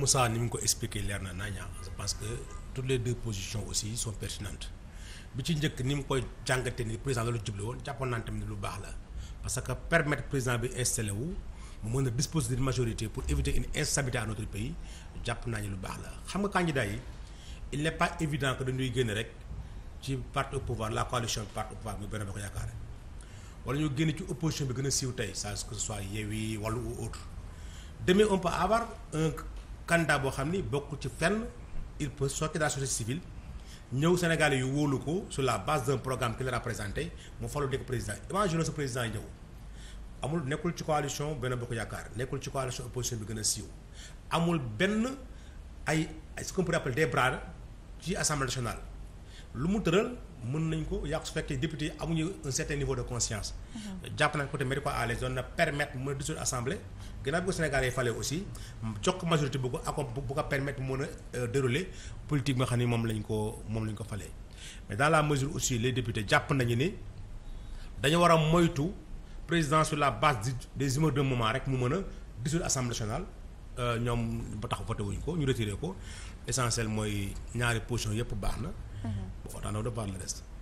Moussa ni mu ko expliqué leer na naña parce que toutes les deux positions aussi sont pertinentes bi ci njëkk ni mu koy jàngate ni président loolu juble woon jàppoon naa tamit lu baax la parce que permettre président bi installé wu mu mën a disposer majorité pour éviter une instabilité à notre pays jàpp naa ni lu baax la xam nga candidat yi il n'est pas évident que dañuy génn rek ci parti au la coalition parti au pouvoir muy Benno Bokk wala ñu génn ci opposition bi gën a siiw tey ça que ce soit Yewwi Wallu candidat boo xam ni bokkul ci fenn il peut sortir de la société ñëw Sénégalais yu wóolu ko sur la base d'un programme qu'il a présenté mu falu nekk président imaginez ce président yi ñëw amul nekkul ci coalition benn bokk yaakaar nekkul ci coalition opposition bi gën a siiw amul benn ay ce qu'on pourrait appeler des bras ci assemblée nationale lu mu tëral mën nañ ko yàq su fekkee député yi amuñu un certain niveau de conscience. jàpp nañ côté mairie quoi à l'aise doon na permettre mën a dissoudre assemblée. gannaaw bi ko Sénégal yi fale aussi jox majorité bu ko accom bu ko permettre mën a euh, dérouler politique nga xam ni moom lañ ko moom lañ ko falee. mais dans la mesure aussi les députés jàpp nañu ni dañu war a moytu président sur la base des humeurs de moment rek mu mën a dissoudre assemblée nationale. Euh, ñoom ba tax voté wuñ ko ñu retiré ko essentiel mooy ñaari position yëpp baax na. Mmh. Bon, on en a de par